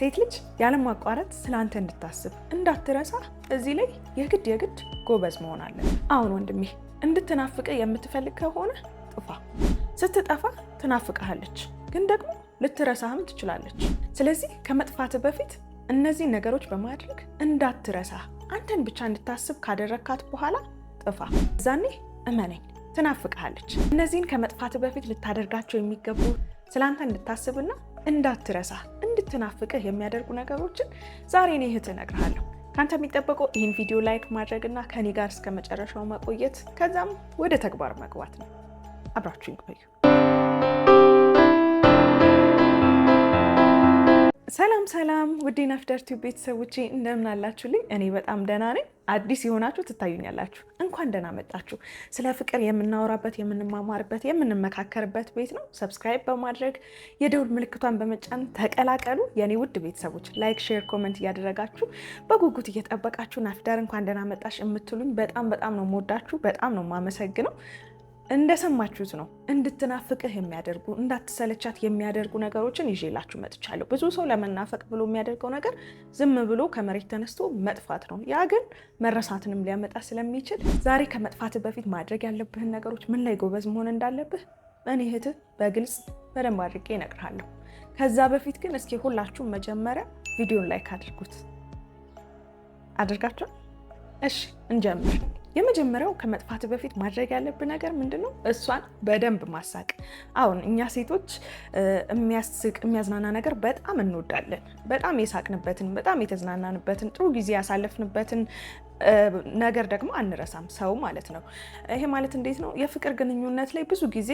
ሴት ልጅ ያለማቋረጥ ስለ አንተ እንድታስብ እንዳትረሳ፣ እዚህ ላይ የግድ የግድ ጎበዝ መሆን አለን። አሁን ወንድሜ እንድትናፍቅ የምትፈልግ ከሆነ ጥፋ። ስትጠፋ ትናፍቅሃለች፣ ግን ደግሞ ልትረሳህም ትችላለች። ስለዚህ ከመጥፋት በፊት እነዚህን ነገሮች በማድረግ እንዳትረሳ፣ አንተን ብቻ እንድታስብ ካደረግካት በኋላ ጥፋ። እዛኔ እመነኝ ትናፍቅሃለች። እነዚህን ከመጥፋት በፊት ልታደርጋቸው የሚገቡ ስለ አንተ እንድታስብና እንዳትረሳ እንድትናፍቅህ የሚያደርጉ ነገሮችን ዛሬ እኔ እህትህ እነግርሃለሁ። ከአንተ የሚጠበቀው ይህን ቪዲዮ ላይክ ማድረግና ከኔ ጋር እስከ መጨረሻው መቆየት ከዛም ወደ ተግባር መግባት ነው። አብራችሁኝ ቆዩ። ሰላም ሰላም፣ ውዴ ናፊዳር ቲዩብ ቤተሰቦቼ እንደምን አላችሁልኝ? እኔ በጣም ደህና ነኝ። አዲስ የሆናችሁ ትታዩኛላችሁ። እንኳን ደህና መጣችሁ። ስለ ፍቅር የምናወራበት፣ የምንማማርበት፣ የምንመካከርበት ቤት ነው። ሰብስክራይብ በማድረግ የደውል ምልክቷን በመጫን ተቀላቀሉ። የኔ ውድ ቤተሰቦች ላይክ፣ ሼር፣ ኮመንት እያደረጋችሁ በጉጉት እየጠበቃችሁ ናፊዳር እንኳን ደህና መጣሽ የምትሉኝ በጣም በጣም ነው የምወዳችሁ፣ በጣም ነው የማመሰግነው። እንደሰማችሁት ነው እንድትናፍቅህ የሚያደርጉ እንዳትሰለቻት የሚያደርጉ ነገሮችን ይዤላችሁ መጥቻለሁ። ብዙ ሰው ለመናፈቅ ብሎ የሚያደርገው ነገር ዝም ብሎ ከመሬት ተነስቶ መጥፋት ነው። ያ ግን መረሳትንም ሊያመጣ ስለሚችል ዛሬ ከመጥፋት በፊት ማድረግ ያለብህን ነገሮች፣ ምን ላይ ጎበዝ መሆን እንዳለብህ እኔ እህትህ በግልጽ በደንብ አድርጌ እነግርሃለሁ። ከዛ በፊት ግን እስኪ ሁላችሁም መጀመሪያ ቪዲዮን ላይክ አድርጉት። አድርጋችኋል? እሺ እንጀምር። የመጀመሪያው ከመጥፋት በፊት ማድረግ ያለብን ነገር ምንድን ነው? እሷን በደንብ ማሳቅ። አሁን እኛ ሴቶች የሚያስቅ የሚያዝናና ነገር በጣም እንወዳለን። በጣም የሳቅንበትን፣ በጣም የተዝናናንበትን፣ ጥሩ ጊዜ ያሳለፍንበትን ነገር ደግሞ አንረሳም፣ ሰው ማለት ነው። ይሄ ማለት እንዴት ነው? የፍቅር ግንኙነት ላይ ብዙ ጊዜ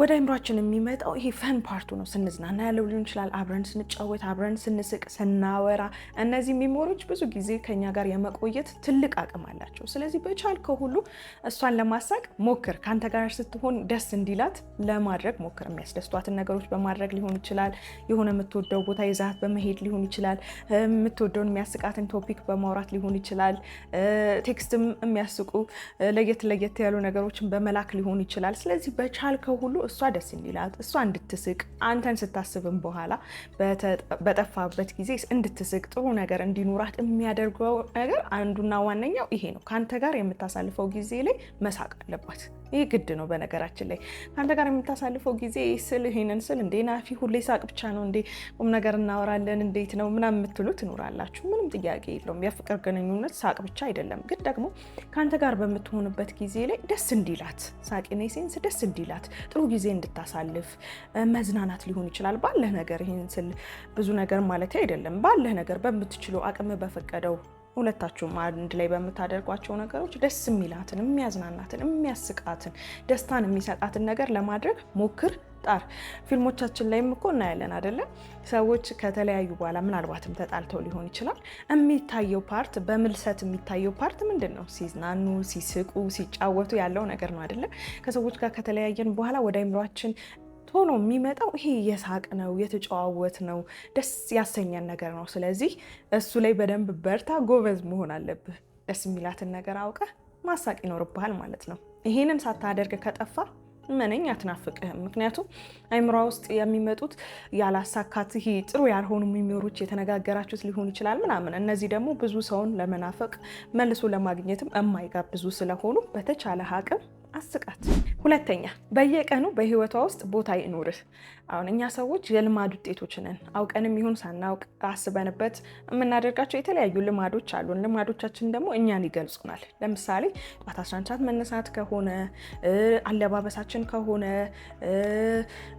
ወደ አይምሯችን የሚመጣው ይሄ ፈን ፓርቱ ነው። ስንዝናና ያለው ሊሆን ይችላል። አብረን ስንጫወት፣ አብረን ስንስቅ፣ ስናወራ፣ እነዚህ ሚሞሪዎች ብዙ ጊዜ ከኛ ጋር የመቆየት ትልቅ አቅም አላቸው። ስለዚህ በቻልከው ሁሉ እሷን ለማሳቅ ሞክር። ከአንተ ጋር ስትሆን ደስ እንዲላት ለማድረግ ሞክር። የሚያስደስቷትን ነገሮች በማድረግ ሊሆን ይችላል። የሆነ የምትወደው ቦታ ይዛት በመሄድ ሊሆን ይችላል። የምትወደውን የሚያስቃትን ቶፒክ በማውራት ሊሆን ይችላል። ቴክስትም የሚያስቁ ለየት ለየት ያሉ ነገሮችን በመላክ ሊሆን ይችላል። ስለዚህ በቻልከው ሁሉ እሷ ደስ እንዲላት እሷ እንድትስቅ አንተን ስታስብም በኋላ በጠፋበት ጊዜ እንድትስቅ ጥሩ ነገር እንዲኖራት የሚያደርገው ነገር አንዱና ዋነኛው ይሄ ነው። ከአንተ ጋር የምታሳልፈው ጊዜ ላይ መሳቅ አለባት። ይህ ግድ ነው። በነገራችን ላይ ከአንተ ጋር የምታሳልፈው ጊዜ ስል ይሄንን ስል እንዴ ናፊ ሁሌ ሳቅ ብቻ ነው እንዴ ቁም ነገር እናወራለን እንዴት ነው ምናምን የምትሉ ትኖራላችሁ። ምንም ጥያቄ የለውም። የፍቅር ግንኙነት ሳቅ ብቻ አይደለም። ግን ደግሞ ከአንተ ጋር በምትሆንበት ጊዜ ላይ ደስ እንዲላት ሳቅ ኔ ሴንስ ደስ እንዲላት ጥሩ ጊዜ እንድታሳልፍ መዝናናት ሊሆን ይችላል። ባለህ ነገር ይህን ስል ብዙ ነገር ማለት አይደለም። ባለህ ነገር በምትችለው አቅም በፈቀደው ሁለታችሁም አንድ ላይ በምታደርጓቸው ነገሮች ደስ የሚላትን የሚያዝናናትን የሚያስቃትን ደስታን የሚሰጣትን ነገር ለማድረግ ሞክር ጣር። ፊልሞቻችን ላይም እኮ እናያለን አይደለም? ሰዎች ከተለያዩ በኋላ ምናልባትም ተጣልተው ሊሆን ይችላል። የሚታየው ፓርት በምልሰት የሚታየው ፓርት ምንድን ነው? ሲዝናኑ፣ ሲስቁ፣ ሲጫወቱ ያለው ነገር ነው አይደለም? ከሰዎች ጋር ከተለያየን በኋላ ወደ አይምሯችን ቶሎ የሚመጣው ይሄ የሳቅ ነው፣ የተጨዋወት ነው፣ ደስ ያሰኘን ነገር ነው። ስለዚህ እሱ ላይ በደንብ በርታ፣ ጎበዝ መሆን አለብህ። ደስ የሚላትን ነገር አውቀህ ማሳቅ ይኖርብሃል ማለት ነው። ይሄንን ሳታደርግ ከጠፋ ምንኛ አትናፍቅህም። ምክንያቱም አይምሯ ውስጥ የሚመጡት ያላሳካት ይሄ ጥሩ ያልሆኑ ሚሞሪዎች የተነጋገራችሁት ሊሆን ይችላል ምናምን። እነዚህ ደግሞ ብዙ ሰውን ለመናፈቅ መልሶ ለማግኘትም የማይጋብዙ ስለሆኑ በተቻለ አቅም አስቃት። ሁለተኛ በየቀኑ በህይወቷ ውስጥ ቦታ ይኑርህ። አሁን እኛ ሰዎች የልማድ ውጤቶች ነን። አውቀንም ይሁን ሳናውቅ አስበንበት የምናደርጋቸው የተለያዩ ልማዶች አሉን። ልማዶቻችን ደግሞ እኛን ይገልጹናል። ለምሳሌ ጠዋት 11 ሰዓት መነሳት ከሆነ አለባበሳችን ከሆነ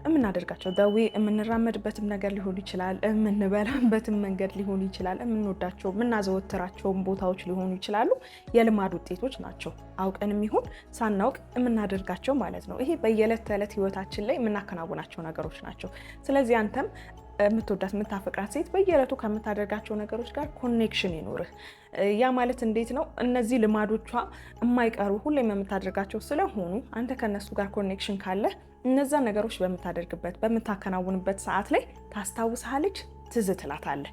የምናደርጋቸው ዘዊ የምንራመድበትም ነገር ሊሆን ይችላል፣ የምንበላበትም መንገድ ሊሆን ይችላል፣ የምንወዳቸው የምናዘወትራቸውን ቦታዎች ሊሆኑ ይችላሉ። የልማድ ውጤቶች ናቸው። አውቀንም ይሁን ሳናውቅ የምናደርጋቸው ናቸው ማለት ነው። ይሄ በየዕለት ተዕለት ህይወታችን ላይ የምናከናውናቸው ነገሮች ናቸው። ስለዚህ አንተም የምትወዳት የምታፈቅራት ሴት በየዕለቱ ከምታደርጋቸው ነገሮች ጋር ኮኔክሽን ይኖርህ። ያ ማለት እንዴት ነው? እነዚህ ልማዶቿ የማይቀሩ ሁሌም የምታደርጋቸው ስለሆኑ አንተ ከነሱ ጋር ኮኔክሽን ካለህ እነዛ ነገሮች በምታደርግበት በምታከናውንበት ሰዓት ላይ ታስታውስሃለች፣ ትዝ ትላታለህ።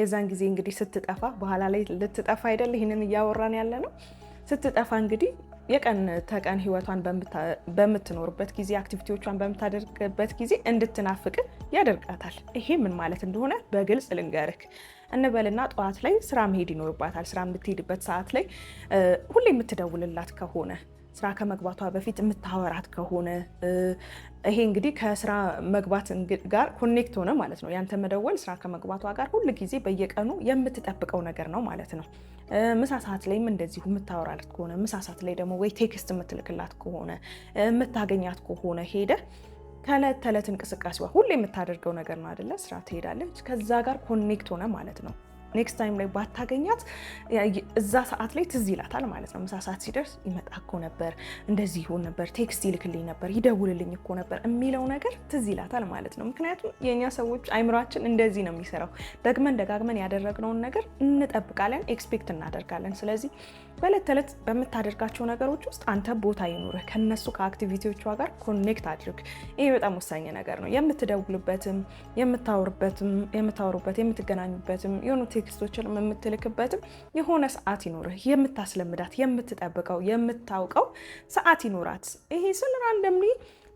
የዛን ጊዜ እንግዲህ ስትጠፋ በኋላ ላይ ልትጠፋ አይደል? ይህንን እያወራን ያለ ነው። ስትጠፋ እንግዲህ የቀን ተቀን ህይወቷን በምትኖርበት ጊዜ አክቲቪቲዎቿን በምታደርግበት ጊዜ እንድትናፍቅ ያደርጋታል። ይሄ ምን ማለት እንደሆነ በግልጽ ልንገርክ እንበልና ጠዋት ላይ ስራ መሄድ ይኖርባታል። ስራ የምትሄድበት ሰዓት ላይ ሁሌ የምትደውልላት ከሆነ ስራ ከመግባቷ በፊት የምታወራት ከሆነ ይሄ እንግዲህ ከስራ መግባት ጋር ኮኔክት ሆነ ማለት ነው። ያንተ መደወል ስራ ከመግባቷ ጋር ሁል ጊዜ በየቀኑ የምትጠብቀው ነገር ነው ማለት ነው። ምሳ ሰዓት ላይም እንደዚሁ የምታወራለት ከሆነ ምሳ ሰዓት ላይ ደግሞ ወይ ቴክስት የምትልክላት ከሆነ የምታገኛት ከሆነ ሄደ ከእለት ተእለት እንቅስቃሴዋ ሁሌ የምታደርገው ነገር ነው አደለ? ስራ ትሄዳለች፣ ከዛ ጋር ኮኔክት ሆነ ማለት ነው። ኔክስት ታይም ላይ ባታገኛት እዛ ሰዓት ላይ ትዝ ይላታል ማለት ነው። ምሳ ሰዓት ሲደርስ ይመጣ እኮ ነበር፣ እንደዚህ ይሆን ነበር፣ ቴክስት ይልክልኝ ነበር፣ ይደውልልኝ እኮ ነበር የሚለው ነገር ትዝ ይላታል ማለት ነው። ምክንያቱም የእኛ ሰዎች አይምሯችን እንደዚህ ነው የሚሰራው። ደግመን ደጋግመን ያደረግነውን ነገር እንጠብቃለን፣ ኤክስፔክት እናደርጋለን። ስለዚህ በዕለት ተዕለት በምታደርጋቸው ነገሮች ውስጥ አንተ ቦታ ይኑርህ። ከነሱ ከአክቲቪቲዎቿ ጋር ኮኔክት አድርግ። ይሄ በጣም ወሳኝ ነገር ነው። የምትደውልበትም፣ የምታወርበትም፣ የምታወሩበት፣ የምትገናኙበትም የሆኑ ቴክስቶችን የምትልክበትም የሆነ ሰዓት ይኑርህ። የምታስለምዳት፣ የምትጠብቀው፣ የምታውቀው ሰዓት ይኑራት። ይሄ ስል ራንደምሊ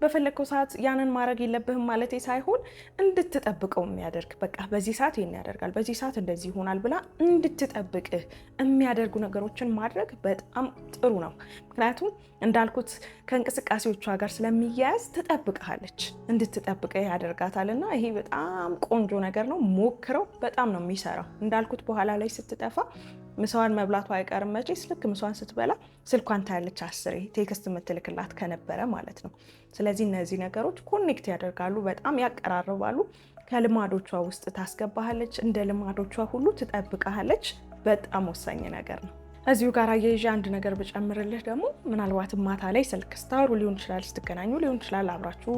በፈለግከው ሰዓት ያንን ማድረግ የለብህም ማለት ሳይሆን እንድትጠብቀው የሚያደርግ በቃ በዚህ ሰዓት ይህን ያደርጋል፣ በዚህ ሰዓት እንደዚህ ይሆናል ብላ እንድትጠብቅህ የሚያደርጉ ነገሮችን ማድረግ በጣም ጥሩ ነው። ምክንያቱም እንዳልኩት ከእንቅስቃሴዎቿ ጋር ስለሚያያዝ ትጠብቅሃለች፣ ያደርጋታል። ያደርጋታልና ይሄ በጣም ቆንጆ ነገር ነው። ሞክረው፣ በጣም ነው የሚሰራው። እንዳልኩት በኋላ ላይ ስትጠፋ ምሳዋን መብላቷ አይቀርም መቼስ። ልክ ምሳዋን ስትበላ ስልኳን ታያለች አስሬ ቴክስት የምትልክላት ከነበረ ማለት ነው። ስለዚህ እነዚህ ነገሮች ኮኔክት ያደርጋሉ፣ በጣም ያቀራርባሉ። ከልማዶቿ ውስጥ ታስገባሃለች፣ እንደ ልማዶቿ ሁሉ ትጠብቃለች። በጣም ወሳኝ ነገር ነው። እዚሁ ጋር አያይዤ አንድ ነገር ብጨምርልህ ደግሞ ምናልባትም ማታ ላይ ስልክ ስታወሩ ሊሆን ይችላል፣ ስትገናኙ ሊሆን ይችላል፣ አብራችሁ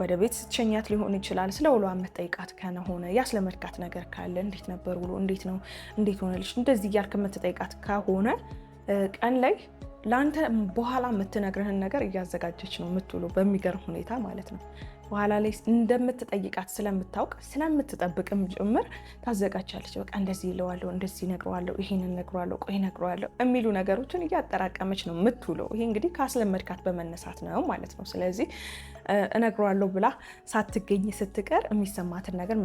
ወደ ቤት ስትሸኛት ሊሆን ይችላል። ስለ ውሎ የምትጠይቃት ከሆነ ያስለመድካት ነገር ካለ እንዴት ነበር ውሎ፣ እንዴት ነው፣ እንዴት ሆነልሽ፣ እንደዚህ እያልክ የምትጠይቃት ከሆነ ቀን ላይ ለአንተ በኋላ የምትነግርህን ነገር እያዘጋጀች ነው የምትውሉ በሚገርም ሁኔታ ማለት ነው። በኋላ ላይ እንደምትጠይቃት ስለምታውቅ ስለምትጠብቅም ጭምር ታዘጋጃለች። በቃ እንደዚህ ይለዋለሁ፣ እንደዚህ ይነግረዋለሁ፣ ይሄን ነግረዋለሁ፣ ቆይ ነግረዋለሁ የሚሉ ነገሮችን እያጠራቀመች ነው የምትውለው። ይሄ እንግዲህ ካስለመድካት በመነሳት ነው ማለት ነው። ስለዚህ እነግረዋለሁ ብላ ሳትገኝ ስትቀር የሚሰማትን ነገር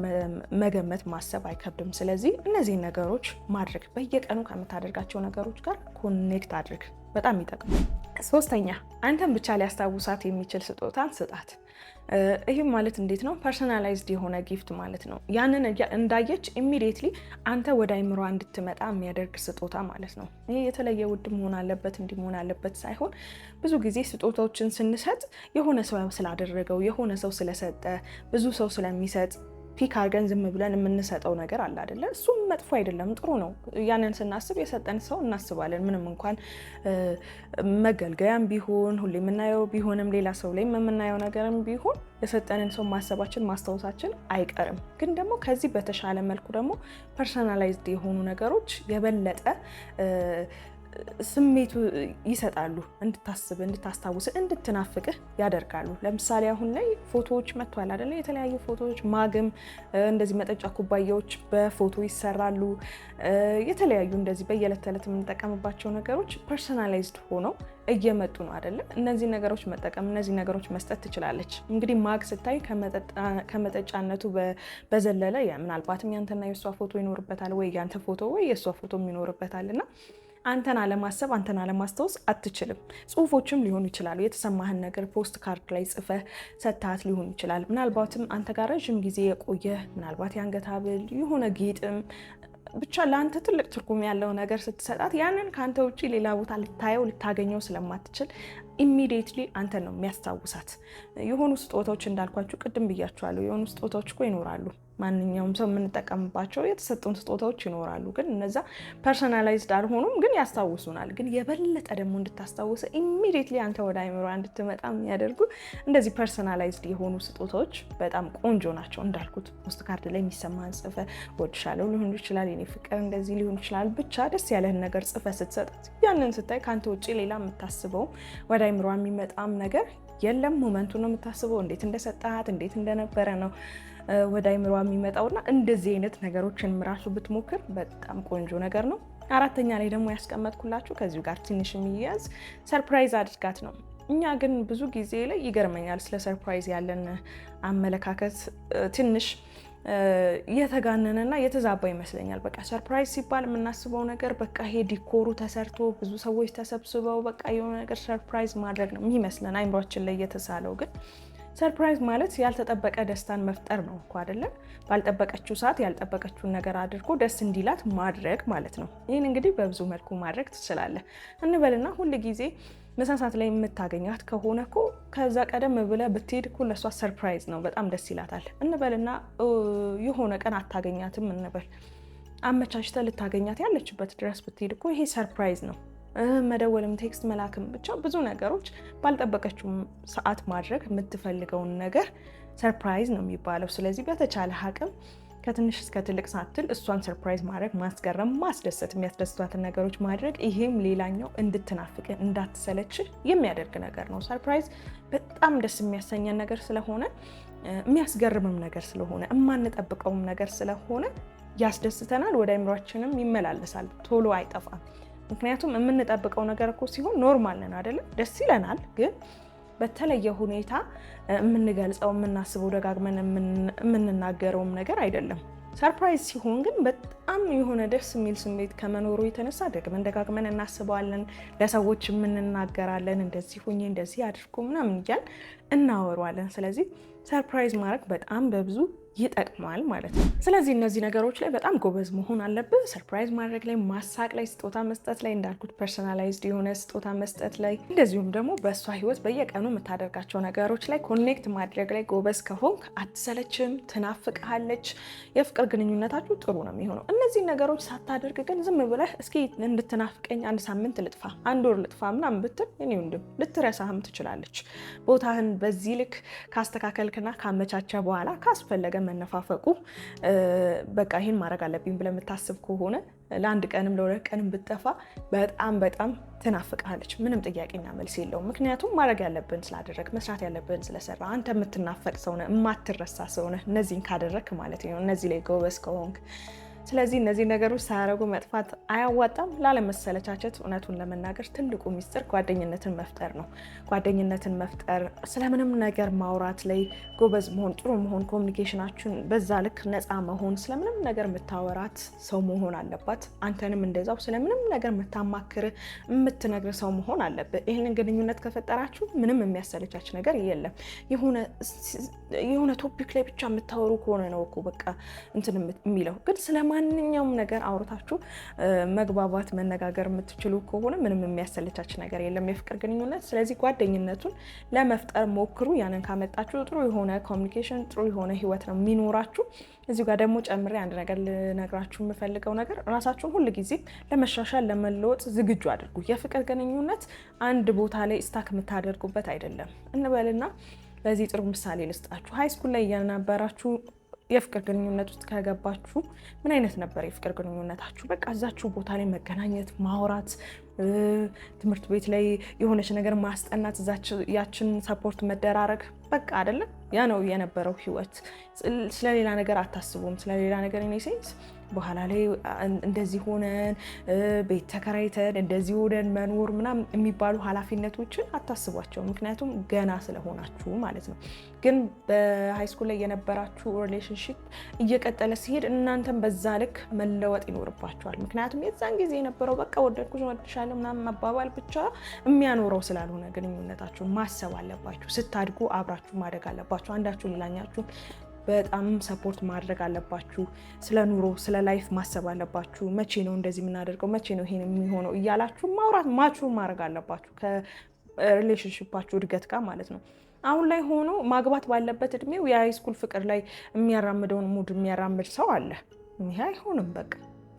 መገመት፣ ማሰብ አይከብድም። ስለዚህ እነዚህን ነገሮች ማድረግ በየቀኑ ከምታደርጋቸው ነገሮች ጋር ኮኔክት አድርግ። በጣም ይጠቅማል። ሶስተኛ አንተን ብቻ ሊያስታውሳት የሚችል ስጦታን ስጣት። ይህም ማለት እንዴት ነው? ፐርሰናላይዝድ የሆነ ጊፍት ማለት ነው። ያንን እንዳየች ኢሚዲየትሊ አንተ ወደ አይምሯ እንድትመጣ የሚያደርግ ስጦታ ማለት ነው። ይህ የተለየ ውድ መሆን አለበት እንዲህ መሆን አለበት ሳይሆን ብዙ ጊዜ ስጦታዎችን ስንሰጥ የሆነ ሰው ስላደረገው፣ የሆነ ሰው ስለሰጠ፣ ብዙ ሰው ስለሚሰጥ ፒክ አድርገን ዝም ብለን የምንሰጠው ነገር አለ አይደለ? እሱም መጥፎ አይደለም፣ ጥሩ ነው። ያንን ስናስብ የሰጠን ሰው እናስባለን። ምንም እንኳን መገልገያም ቢሆን ሁሌ የምናየው ቢሆንም ሌላ ሰው ላይ የምናየው ነገርም ቢሆን የሰጠንን ሰው ማሰባችን ማስታወሳችን አይቀርም። ግን ደግሞ ከዚህ በተሻለ መልኩ ደግሞ ፐርሰናላይዝድ የሆኑ ነገሮች የበለጠ ስሜቱ ይሰጣሉ። እንድታስብ፣ እንድታስታውስ፣ እንድትናፍቅህ ያደርጋሉ። ለምሳሌ አሁን ላይ ፎቶዎች መጥቷል አይደለ? የተለያዩ ፎቶዎች ማግም፣ እንደዚህ መጠጫ ኩባያዎች በፎቶ ይሰራሉ። የተለያዩ እንደዚህ በየዕለት ተዕለት የምንጠቀምባቸው ነገሮች ፐርሶናላይዝድ ሆነው እየመጡ ነው አይደለ? እነዚህ ነገሮች መጠቀም፣ እነዚህ ነገሮች መስጠት ትችላለች። እንግዲህ ማግ ስታይ ከመጠጫነቱ በዘለለ ምናልባትም ያንተና የእሷ ፎቶ ይኖርበታል ወይ ያንተ ፎቶ ወይ የእሷ ፎቶም ይኖርበታል እና አንተን አለማሰብ አንተን አለማስታወስ አትችልም። ጽሁፎችም ሊሆኑ ይችላሉ። የተሰማህን ነገር ፖስት ካርድ ላይ ጽፈህ ሰታት ሊሆን ይችላል። ምናልባትም አንተ ጋር ረዥም ጊዜ የቆየ ምናልባት የአንገት ሀብል የሆነ ጌጥም ብቻ ለአንተ ትልቅ ትርጉም ያለው ነገር ስትሰጣት ያንን ከአንተ ውጭ ሌላ ቦታ ልታየው ልታገኘው ስለማትችል ኢሚዲየትሊ አንተ ነው የሚያስታውሳት። የሆኑ ስጦታዎች እንዳልኳችሁ ቅድም ብያችኋለሁ። የሆኑ ስጦታዎች እኮ ይኖራሉ። ማንኛውም ሰው የምንጠቀምባቸው የተሰጡን ስጦታዎች ይኖራሉ፣ ግን እነዛ ፐርሰናላይዝድ አልሆኑም፣ ግን ያስታውሱናል። ግን የበለጠ ደግሞ እንድታስታውሰ ኢሚዲየትሊ አንተ ወደ አይምሮ እንድትመጣ የሚያደርጉ እንደዚህ ፐርሰናላይዝድ የሆኑ ስጦታዎች በጣም ቆንጆ ናቸው። እንዳልኩት ውስጥ ካርድ ላይ የሚሰማህን ጽፈ ወድሻለሁ ሊሆን ይችላል፣ የኔ ፍቅር እንደዚህ ሊሆን ይችላል። ብቻ ደስ ያለህን ነገር ጽፈ ስትሰጣት ያንን ስታይ ከአንተ ውጭ ሌላ የምታስበው ወደ ወደ አይምሯ የሚመጣም ነገር የለም። ሞመንቱ ነው የምታስበው፣ እንዴት እንደሰጣት እንዴት እንደነበረ ነው ወደ አይምሯ የሚመጣውና እንደዚህ አይነት ነገሮችን ራሱ ብትሞክር በጣም ቆንጆ ነገር ነው። አራተኛ ላይ ደግሞ ያስቀመጥኩላችሁ ከዚሁ ጋር ትንሽ የሚያዝ ሰርፕራይዝ አድርጋት ነው። እኛ ግን ብዙ ጊዜ ላይ ይገርመኛል ስለ ሰርፕራይዝ ያለን አመለካከት ትንሽ የተጋነነና የተዛባ ይመስለኛል። በቃ ሰርፕራይዝ ሲባል የምናስበው ነገር በቃ ይሄ ዲኮሩ ተሰርቶ ብዙ ሰዎች ተሰብስበው በቃ የሆነ ነገር ሰርፕራይዝ ማድረግ ነው የሚመስለን አይምሯችን ላይ የተሳለው። ግን ሰርፕራይዝ ማለት ያልተጠበቀ ደስታን መፍጠር ነው እኮ አይደለም? ባልጠበቀችው ሰዓት ያልጠበቀችውን ነገር አድርጎ ደስ እንዲላት ማድረግ ማለት ነው። ይህን እንግዲህ በብዙ መልኩ ማድረግ ትችላለህ እንበልና ሁል ጊዜ ምሳ ሰዓት ላይ የምታገኛት ከሆነ እኮ ከዛ ቀደም ብለ ብትሄድ እኮ ለእሷ ሰርፕራይዝ ነው፣ በጣም ደስ ይላታል እንበልና የሆነ ቀን አታገኛትም እንበል። አመቻችተ ልታገኛት ያለችበት ድረስ ብትሄድ እኮ ይሄ ሰርፕራይዝ ነው። መደወልም ቴክስት መላክም ብቻ ብዙ ነገሮች ባልጠበቀችው ሰዓት ማድረግ የምትፈልገውን ነገር ሰርፕራይዝ ነው የሚባለው። ስለዚህ በተቻለ አቅም ከትንሽ እስከ ትልቅ ሳትል እሷን ሰርፕራይዝ ማድረግ፣ ማስገረም፣ ማስደሰት፣ የሚያስደስቷትን ነገሮች ማድረግ ይሄም ሌላኛው እንድትናፍቅ እንዳትሰለች የሚያደርግ ነገር ነው። ሰርፕራይዝ በጣም ደስ የሚያሰኘን ነገር ስለሆነ የሚያስገርምም ነገር ስለሆነ የማንጠብቀውም ነገር ስለሆነ ያስደስተናል፣ ወደ አይምሯችንም ይመላለሳል፣ ቶሎ አይጠፋም። ምክንያቱም የምንጠብቀው ነገር እኮ ሲሆን ኖርማል ነን አይደለም፣ ደስ ይለናል ግን በተለየ ሁኔታ የምንገልጸው የምናስበው ደጋግመን የምንናገረውም ነገር አይደለም። ሰርፕራይዝ ሲሆን ግን በጣም የሆነ ደስ የሚል ስሜት ከመኖሩ የተነሳ ደግመን ደጋግመን እናስበዋለን። ለሰዎች የምንናገራለን፣ እንደዚህ ሁኜ እንደዚህ አድርጎ ምናምን እያል እናወሯለን። ስለዚህ ሰርፕራይዝ ማድረግ በጣም በብዙ ይጠቅማል ማለት ነው። ስለዚህ እነዚህ ነገሮች ላይ በጣም ጎበዝ መሆን አለብህ። ሰርፕራይዝ ማድረግ ላይ፣ ማሳቅ ላይ፣ ስጦታ መስጠት ላይ እንዳልኩት ፐርሰናላይዝድ የሆነ ስጦታ መስጠት ላይ፣ እንደዚሁም ደግሞ በእሷ ህይወት በየቀኑ የምታደርጋቸው ነገሮች ላይ ኮኔክት ማድረግ ላይ ጎበዝ ከሆንክ አትሰለችም፣ ትናፍቀሃለች፣ የፍቅር ግንኙነታችሁ ጥሩ ነው የሚሆነው። እነዚህ ነገሮች ሳታደርግ ግን ዝም ብለህ እስኪ እንድትናፍቀኝ አንድ ሳምንት ልጥፋ፣ አንድ ወር ልጥፋ ምናምን ብትል እኔ ወንድም ልትረሳህም ትችላለች። ቦታህን በዚህ ልክ ካስተካከልክና ካመቻቸ በኋላ ካስፈለገ መነፋፈቁ በቃ ይሄን ማድረግ አለብኝ ብለህ የምታስብ ከሆነ ለአንድ ቀንም ለሁለት ቀንም ብጠፋ በጣም በጣም ትናፍቃለች። ምንም ጥያቄና መልስ የለውም። ምክንያቱም ማድረግ ያለብን ስላደረግ፣ መስራት ያለብን ስለሰራ፣ አንተ የምትናፈቅ ሰውነ፣ የማትረሳ ሰውነ። እነዚህን ካደረግ ማለት ነው። እነዚህ ላይ ጎበዝ ከሆንክ ስለዚህ እነዚህ ነገሮች ሳያረጉ መጥፋት አያዋጣም። ላለመሰለቻቸት እውነቱን ለመናገር ትልቁ ሚስጥር ጓደኝነትን መፍጠር ነው። ጓደኝነትን መፍጠር፣ ስለምንም ነገር ማውራት ላይ ጎበዝ መሆን፣ ጥሩ መሆን፣ ኮሚኒኬሽናችን በዛ ልክ ነፃ መሆን፣ ስለምንም ነገር የምታወራት ሰው መሆን አለባት። አንተንም እንደዛው ስለምንም ነገር የምታማክር የምትነግር ሰው መሆን አለብህ። ይህንን ግንኙነት ከፈጠራችሁ ምንም የሚያሰለቻች ነገር የለም። የሆነ ቶፒክ ላይ ብቻ የምታወሩ ከሆነ ነው እኮ በቃ እንትን የሚለው ግን ማንኛውም ነገር አውርታችሁ መግባባት መነጋገር የምትችሉ ከሆነ ምንም የሚያሰለቻች ነገር የለም የፍቅር ግንኙነት። ስለዚህ ጓደኝነቱን ለመፍጠር ሞክሩ። ያንን ካመጣችሁ ጥሩ የሆነ ኮሚኒኬሽን፣ ጥሩ የሆነ ህይወት ነው የሚኖራችሁ። እዚሁ ጋር ደግሞ ጨምሬ አንድ ነገር ልነግራችሁ የምፈልገው ነገር ራሳችሁን ጊዜ ለመሻሻል ለመለወጥ ዝግጁ አድርጉ። የፍቅር ግንኙነት አንድ ቦታ ላይ ስታክ የምታደርጉበት አይደለም እንበልና በዚህ ጥሩ ምሳሌ ልስጣችሁ። ሀይ ስኩል ላይ እያናበራችሁ የፍቅር ግንኙነት ውስጥ ከገባችሁ ምን አይነት ነበር የፍቅር ግንኙነታችሁ? በቃ እዛችሁ ቦታ ላይ መገናኘት፣ ማውራት፣ ትምህርት ቤት ላይ የሆነች ነገር ማስጠናት፣ ያችን ሰፖርት መደራረግ፣ በቃ አይደለም ያ ነው የነበረው ህይወት። ስለሌላ ነገር አታስቡም። ስለሌላ ነገር ኔሴንስ በኋላ ላይ እንደዚህ ሆነን ቤት ተከራይተን እንደዚህ ሆነን መኖር ምናምን የሚባሉ ኃላፊነቶችን አታስቧቸው፣ ምክንያቱም ገና ስለሆናችሁ ማለት ነው። ግን በሃይስኩል ላይ የነበራችሁ ሪሌሽንሽፕ እየቀጠለ ሲሄድ እናንተም በዛ ልክ መለወጥ ይኖርባቸዋል ምክንያቱም የዛን ጊዜ የነበረው በቃ ወደድኩሽ ወድሻለሁ ምናምን መባባል ብቻ የሚያኖረው ስላልሆነ ግንኙነታችሁን ማሰብ አለባችሁ። ስታድጉ አብራችሁ ማደግ አለባችሁ። አንዳችሁ ሌላኛችሁ በጣም ሰፖርት ማድረግ አለባችሁ። ስለ ኑሮ ስለ ላይፍ ማሰብ አለባችሁ። መቼ ነው እንደዚህ የምናደርገው፣ መቼ ነው ይሄን የሚሆነው እያላችሁ ማውራት ማችሁ ማድረግ አለባችሁ ከሪሌሽንሽፓችሁ እድገት ጋር ማለት ነው። አሁን ላይ ሆኖ ማግባት ባለበት እድሜው የሃይስኩል ፍቅር ላይ የሚያራምደውን ሙድ የሚያራምድ ሰው አለ። ይሄ አይሆንም በቃ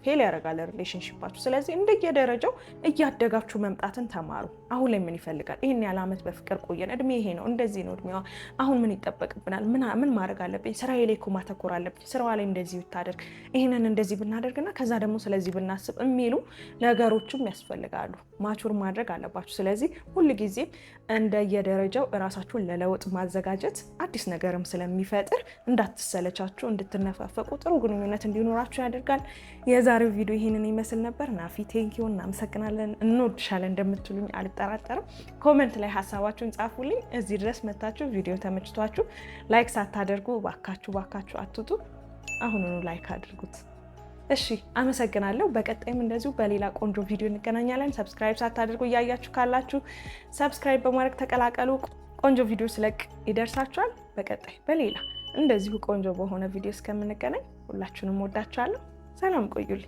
ፌል ያደርጋል ሪሌሽንሽፓችሁ። ስለዚህ እንደየደረጃው እያደጋችሁ መምጣትን ተማሩ። አሁን ላይ ምን ይፈልጋል? ይህን ያህል ዓመት በፍቅር ቆየን፣ እድሜ ይሄ ነው፣ እንደዚህ ነው እድሜዋ። አሁን ምን ይጠበቅብናል? ምን ማድረግ አለብኝ? ስራዬ ላይ እኮ ማተኮር አለብኝ። ስራዋ ላይ እንደዚህ ብታደርግ፣ ይህንን እንደዚህ ብናደርግና ከዛ ደግሞ ስለዚህ ብናስብ የሚሉ ነገሮችም ያስፈልጋሉ። ማቹር ማድረግ አለባችሁ። ስለዚህ ጊዜ እንደየደረጃው እራሳችሁን ለለውጥ ማዘጋጀት አዲስ ነገርም ስለሚፈጥር እንዳትሰለቻችሁ፣ እንድትነፋፈቁ ጥሩ ግንኙነት እንዲኖራችሁ ያደርጋል። የዛሬው ቪዲዮ ይሄንን ይመስል ነበር። ናፊ ቴንኪው፣ እናመሰግናለን፣ እንወድሻለን እንደምትሉኝ አልጠራጠርም። ኮመንት ላይ ሀሳባችሁን ጻፉልኝ። እዚህ ድረስ መታችሁ ቪዲዮ ተመችቷችሁ ላይክ ሳታደርጉ ባካችሁ ባካችሁ አትጡ። አሁኑኑ ላይክ አድርጉት። እሺ አመሰግናለሁ። በቀጣይም እንደዚሁ በሌላ ቆንጆ ቪዲዮ እንገናኛለን። ሰብስክራይብ ሳታደርጉ እያያችሁ ካላችሁ ሰብስክራይብ በማድረግ ተቀላቀሉ። ቆንጆ ቪዲዮ ስለቅ ይደርሳችኋል። በቀጣይ በሌላ እንደዚሁ ቆንጆ በሆነ ቪዲዮ እስከምንገናኝ ሁላችሁንም ወዳችኋለሁ። ሰላም ቆዩልኝ።